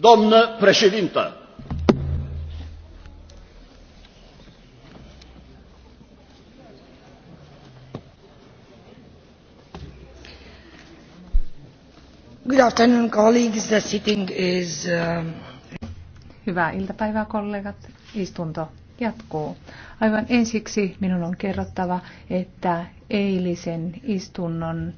Doamnă președintă! Good afternoon, colleagues. The sitting is, uh... Hyvää iltapäivää, kollegat. Istunto jatkuu. Aivan ensiksi minun on kerrottava, että eilisen istunnon